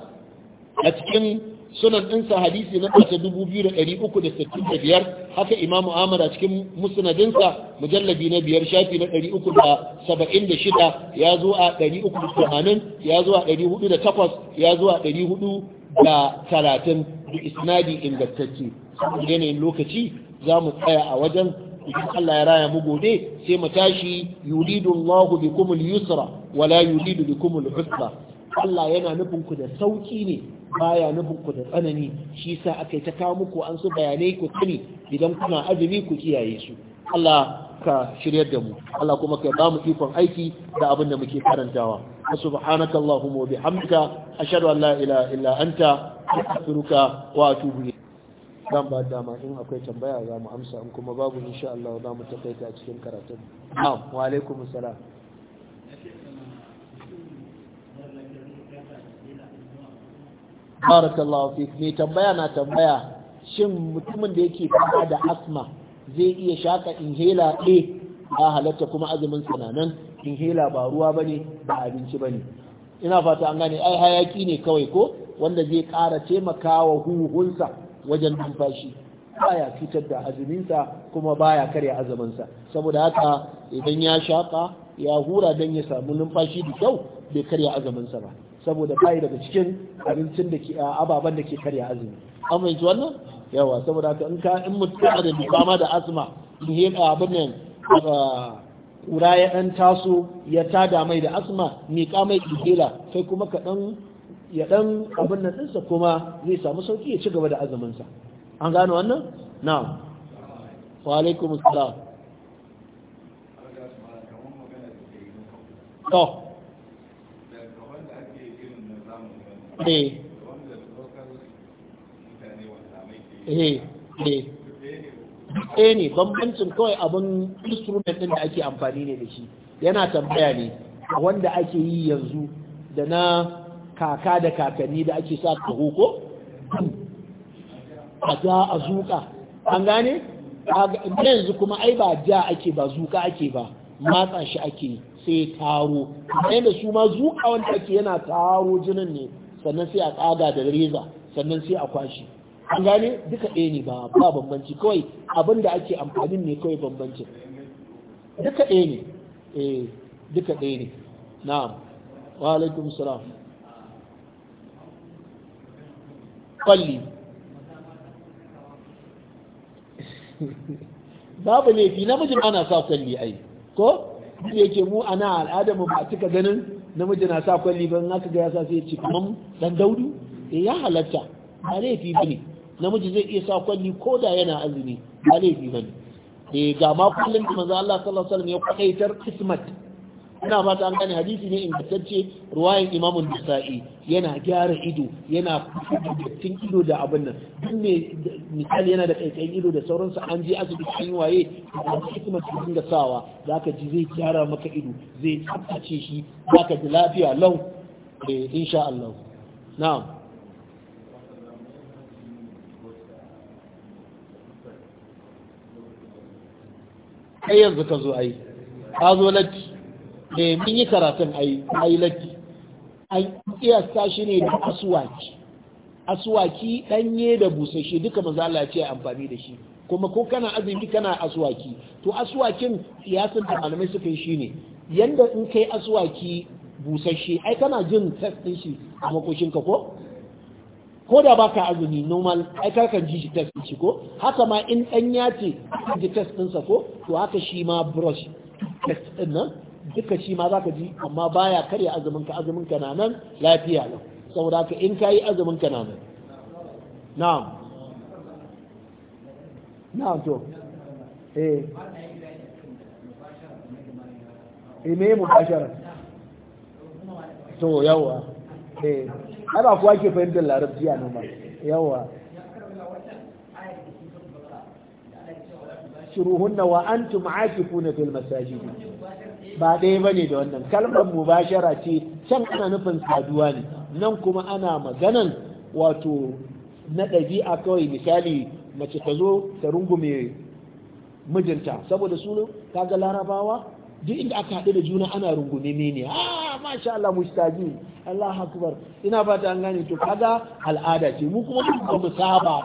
a cikin sunan ɗinsa hadisi na ɗasa 2,365 haka imamu amur a cikin musnadinsa mujallabi na biyar shafi na 376 ya zo a 380 ya zo a 408 ya zo a 430 da isnadi ingantacce yanayin lokaci za mu tsaya a wajen idan Allah ya raya mu gobe sai mu tashi yuridu Allahu bikum al-yusra wala yuridu bikum al-usra Allah yana nufin ku da sauki ne baya nufin ku da tsanani shi sa aka ta kawo muku an su bayanai ku sani idan kuna azumi ku kiyaye su Allah ka shiryar da mu Allah kuma ka ba mu ikon aiki da abin da muke karantawa subhanakallahumma wa bihamdika ashhadu an la ilaha illa anta astaghfiruka wa atubu zan ba dama in akwai tambaya za mu amsa in kuma babu insha Allah za mu tafi a cikin karatun na'am wa alaikum assalam barakallahu fik ni tambaya na tambaya shin mutumin da yake fama da asma zai iya shaka inhaler eh, a ba halatta kuma azumin sananan inhaler ba ruwa bane ba abinci bane ina fata an gane ai hayaki ne kawai ko wanda zai ƙara taimakawa huhunsa wajen numfashi baya fitar da azuminsa kuma baya karya azuminsa saboda haka idan ya shaka ya hura don ya samu numfashi da kyau bai karya azuminsa ba saboda bai daga cikin abincin da ke ababen da ke karya azumi an fahimci wannan yawa saboda haka in ka in mutum da fama da asma in yi abin nan kura ya ɗan taso ya tada mai da asma miƙa mai ihela Kai kuma ka ɗan ya dan abin nan dinsa kuma zai samu sauki ya ci gaba da azuminsa an gano wannan na'am wa alaikum assalam to eh eh eh eh ne bambancin kawai abin instrument din da ake amfani ne da shi yana tambaya ne wanda ake yi yanzu da na kaka da kakanni da ake sa ka huko a ja a zuka an gane yanzu kuma ai ba ja ake ba zuka ake ba matsa shi ake sai taro kamar da su ma zuka wanda ake yana taro jinin ne sannan sai a tsaga da reza sannan sai a kwashi an gane duka ɗaya ne ba ba bambanci kawai abin da ake amfanin ne kawai bambanci duka ɗaya ne eh duka ɗaya ne na'am wa alaikum salam kwalli babu laifi namijin ana sa kwalli ai ko duk yake mu ana al'ada mu ba cika ganin namiji na sa kwalli ba haka ga ya sa sai ci kamar dan daudu eh ya halatta ba laifi bane namiji zai iya sa kwalli ko da yana azumi ba laifi bane eh ga ma kullum manzo Allah sallallahu alaihi wasallam ya kwaitar kismat ina fata an gane hadisi ne ingantacce ruwayan imamun nisa'i yana gyara ido yana dattin ido da abin nan duk ne misali yana da kaikayin ido da sauransu an je asibiti an yi waye da hikimar su dinga sawa ka ji zai gyara maka ido zai tsaftace shi za ka ji lafiya lau eh, insha Allah na'am kai yanzu ka zo ai ka zo ne eh, mun yi karatun a yi latti an iyasta shi ne da asuwaki asuwaki ɗanye da busasshe duka maza Allah ce amfani da shi kuma ko kana azumi kana asuwaki to asuwakin siyasan da malamai suka yi shi ne yanda in kai asuwaki busashe ai kana jin test ɗin shi a ka ko ko da baka azumi normal ai kan ji shi test shi ko haka ma in ɗanya ce ji test ɗinsa ko to haka shi ma brush test ɗin nan duka shi ma ka ji amma baya karya azumin ka azumin ka na nan lafiya lau saboda ka in kayi azumin ka na nan na'am na'am to eh eh mu mubashara to yawa eh ana kuwa ke fahimtar larabci a nan ba yawa shiruhunna wa antum aakifuna fil masajid ba ɗaya bane da wannan kalmar mubashara ce can ana nufin saduwa ne nan kuma ana maganan wato na ɗabi'a kawai misali mace ta zo ta rungume mijinta saboda su kaga larabawa duk inda aka haɗu da juna ana rungume ne ah masha Allah mustaji Allah akbar ina fata an gane to kaga al'ada ce mu kuma ba mu saba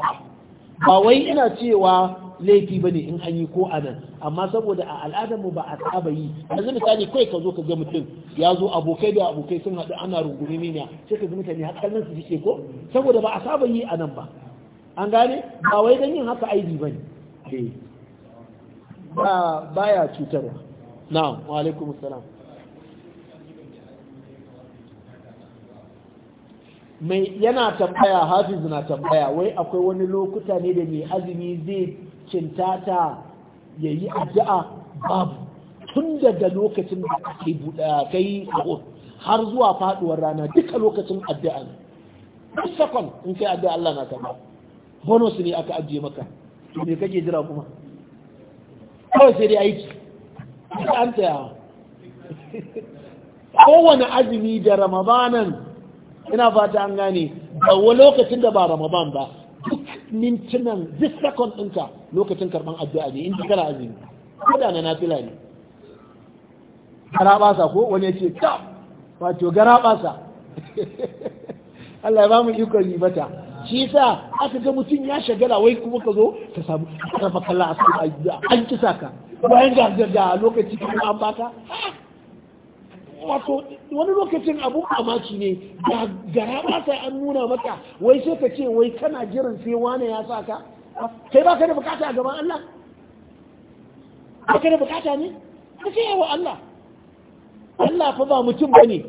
ba wai ina cewa laifi bane in an yi ko a nan amma saboda a al'adar mu ba a saba yi yanzu misali kai ka zo ka ga mutum ya zo abokai da abokai sun haɗu ana rungume ne sai ka ga mutane har kallon su fice ko saboda ba a saba yi anan ba an gane ba wai dan yin haka aibi bane eh ba baya cutarwa na'am wa alaikum assalam mai yana tambaya hafiz na tambaya wai akwai wani lokuta ne da mai azumi zai ta ya yi addu'a babu tun daga lokacin da ake buɗa kai har zuwa faɗuwar rana duka lokacin addu'a ne duk sakon in kai addu'a Allah na kama, bonus ne aka ajiye maka to me kake jira kuma kawai sai dai aiki sai an tsayawa kowane azumi da ramadanan ina fata an gane da lokacin da ba ramadan ba duk mintunan duk sakon ɗinka lokacin karban addu'a ne in kana azumi ko da na nafila ne garaba sa ko wani ya ce ta wato garaba sa Allah ya ba mu iko yi bata shi yasa aka ga mutum ya shagala wai kuma ka zo ka samu karfa kallon a cikin an kisa ka bayan ga da lokaci kuma an baka wato wani lokacin abun mamaki ne ga gara ba sai an nuna maka wai sai ka ce wai kana jiran sai wane ya sa ka kai ba ka da bukata a gaban Allah ba ka da bukata ne ka sai yawa Allah Allah fa ba mutum ba ne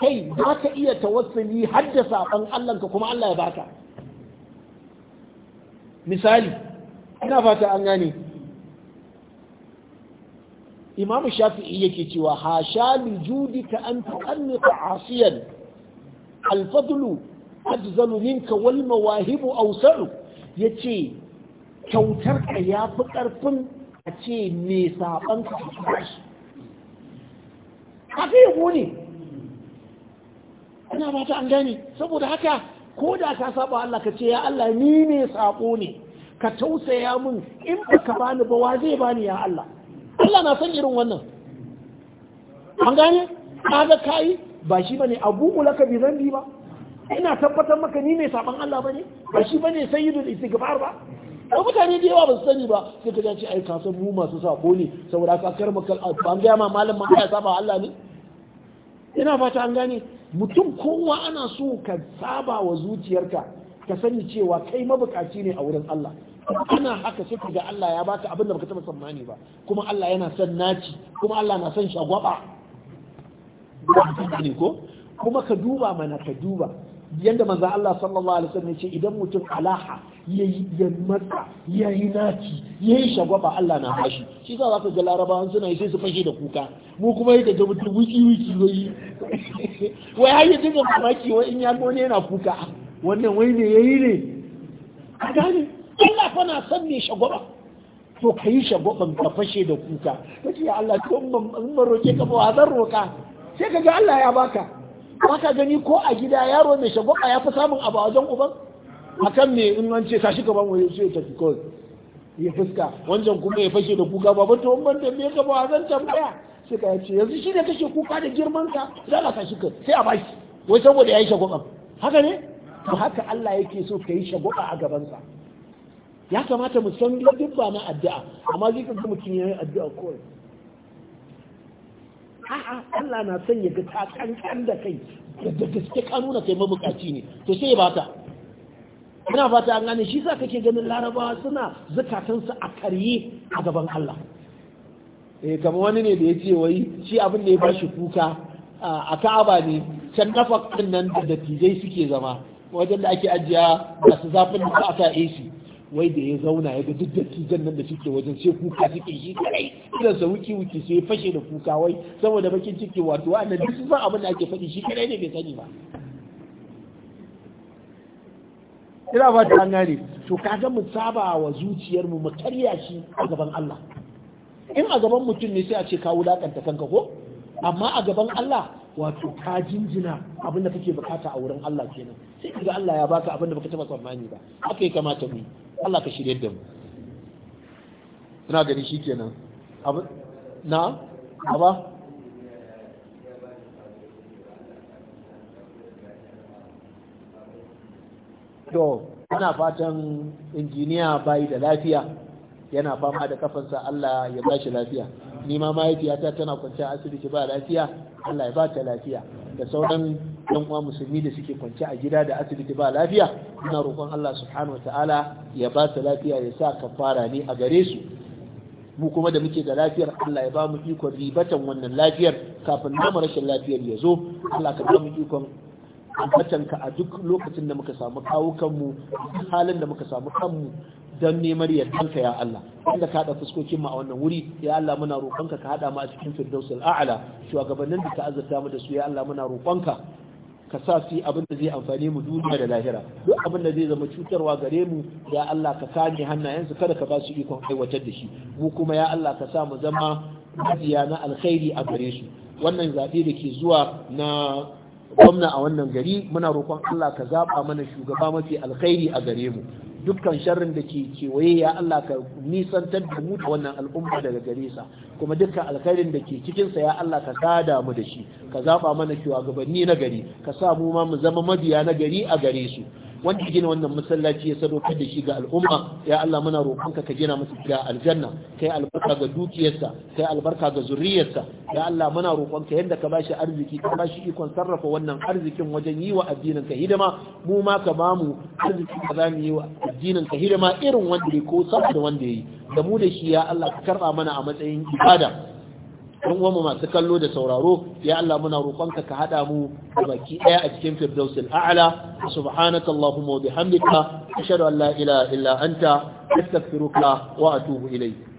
kai za ka iya tawassuli haddasa da saɓon ka kuma Allah ya baka misali ina fata an gane imamu shafi'i yake cewa hasha li judika an tuqannita asiyan al-fadlu ajzalu minka wal mawahibu ya ce. kyautar ka ya fi ƙarfin a ce mai saɓon ka a shi haka yi ne ana ba an gani. saboda haka ko da ka saba Allah ka ce ya Allah ni ne saɓo ne ka tausaya min in ba ka bani ba wa zai bani ya Allah Allah na san irin wannan an gane ka yi? ba shi ba ne. abu ulaka bi zambi ba ina tabbatar maka ni mai saban Allah ba ne? ba shi ba ne sayyidul istighfar ba ko mutane da yawa ba su sani ba sai ka ce ai ka san mu masu sako ne saboda ka karma kal an ga ma malam ma ya saba Allah ne ina fata an gane mutum kowa ana so ka saba wa zuciyarka ka sani cewa kai mabukaci ne a wurin Allah ana haka sai ga Allah ya baka abin da baka taba tsammani ba kuma Allah yana son naci kuma Allah na son shagwaba ko kuma ka duba mana ka duba yadda manzo Allah sallallahu alaihi wasallam ce idan mutum alaha yayi ya yi yayi naci yayi shagwaba Allah na hashi shi za ka ga larabawan suna yi su fashe da kuka mu kuma yake ga mutum wiki wiki wai wai har ya dinga mamaki wai in ya ne yana kuka wannan wai ne yayi ne a gane Allah fa na san me shagwaba to kai shagwaban ka fashe da kuka kace ya Allah to in roke ka ba zan roka sai Allah ya baka maka gani ko a gida yaro mai shagwaba ya fi samun abu a wajen uban akan mai in an ce tashi gaban wani ya tafi kawai ya fuska wancan kuma ya fashe da kuka ba ba wani ban da gaba a zan tambaya sai ka ce yanzu shi ne kashe kuka da girman ka za ka tashi ka sai a bashi wai saboda yayi shagwaba haka ne to haka Allah yake so ka yi shagwaba a gaban sa ya kamata mu san duk ba na addu'a amma zai ka mutum yayi addu'a kawai a'a Allah na son ya ga ta kankan da kai da gaske kanuna kai mabukaci ne to sai ya bata ina fata an gane shi sa kake ganin larabawa suna su a karye a gaban Allah eh kamar wani ne da ya wai shi abin da ya shi kuka a Ka'aba ne can kafa nan da dattijai suke zama wajen da ake ajiya masu zafin da aka shi wai da ya zauna ya ga duk dattijan nan da suke wajen sai kuka suke yi kadai idan sa wuki wuki sai fashe da kuka wai saboda bakin ciki wato wannan duk ba abin da ake faɗi shi kadai ne bai sani ba ina ba ta gane to kaga mu saba wa zuciyar mu mu karya shi a gaban Allah in a gaban mutum ne sai a ce ka wulakanta kanka ko amma a gaban Allah wato ka jinjina abin da kake bukata a wurin Allah kenan sai kaga Allah ya baka abin da baka taba tsammani ba haka ya kamata mu yi Allah ka shirye da mu ina gani nan. abu na aba to ana fatan injiniya bai da lafiya yana fama da kafansa Allah ya ba shi lafiya ni ma mahaifiyata tana kwanciya asibiti ba lafiya Allah ya ba ta lafiya da sauran Yan uwa musulmi da suke kwance a gida da asibiti ba lafiya ina roƙon Allah subhanahu wataala ya ba su lafiya ya sa kafara ne a gare su mu kuma da muke da lafiyar Allah ya ba mu ikon ribatan wannan lafiyar kafin namu rashin lafiyar ya zo Allah ka ba mu ikon ka a duk lokacin da muka samu kawo kanmu halin da muka samu kanmu don neman yardanka ya Allah inda ka haɗa fuskokin mu a wannan wuri ya Allah muna roƙonka ka haɗa mu a cikin firdausul a'la shugabannin da ka azurta mu da su ya Allah muna roƙonka ka sa su abin da zai amfani mu duniya da lahira duk abin da zai zama cutarwa gare mu ya Allah ka kame hannayensu kada ka ba su ikon aiwatar da shi mu kuma ya Allah ka sa mu zama mabiya na alkhairi a gare su wannan zaɓe da ke zuwa na gwamna a wannan gari muna roƙon Allah ka zaɓa mana shugaba mafi alkhairi a gare mu dukkan sharrin da ke kewaye ya Allah ka nisantar da mu da wannan al'umma daga gare sa kuma dukkan alkhairin da ke cikin sa ya Allah ka sada mu da shi ka zaba mana shugabanni na gari ka sa mu ma mu zama mabiya na gari a gare su wanda gina wannan masallaci ya sadaukar da shi ga al'umma ya Allah muna roƙonka ka gina masa ga aljanna kai albarka ga dukiyarsa kai albarka ga zuriyarsa ya Allah muna roƙonka yanda ka bashi arziki ka bashi ikon sarrafa wannan arzikin wajen yi wa addinin ka hidima mu ma ka bamu arziki da zamu yi wa addinin ka hidima irin wanda ya ko saboda wanda yayi da mu da shi ya Allah ka karba mana a matsayin ibada don uwanmu masu kallo da sauraro ya Allah muna roƙonka ka haɗa mu da baki ɗaya a cikin firdausil a'la subhanaka allahumma wa bihamdika ashhadu an la ilaha illa anta astaghfiruka wa atubu ilayk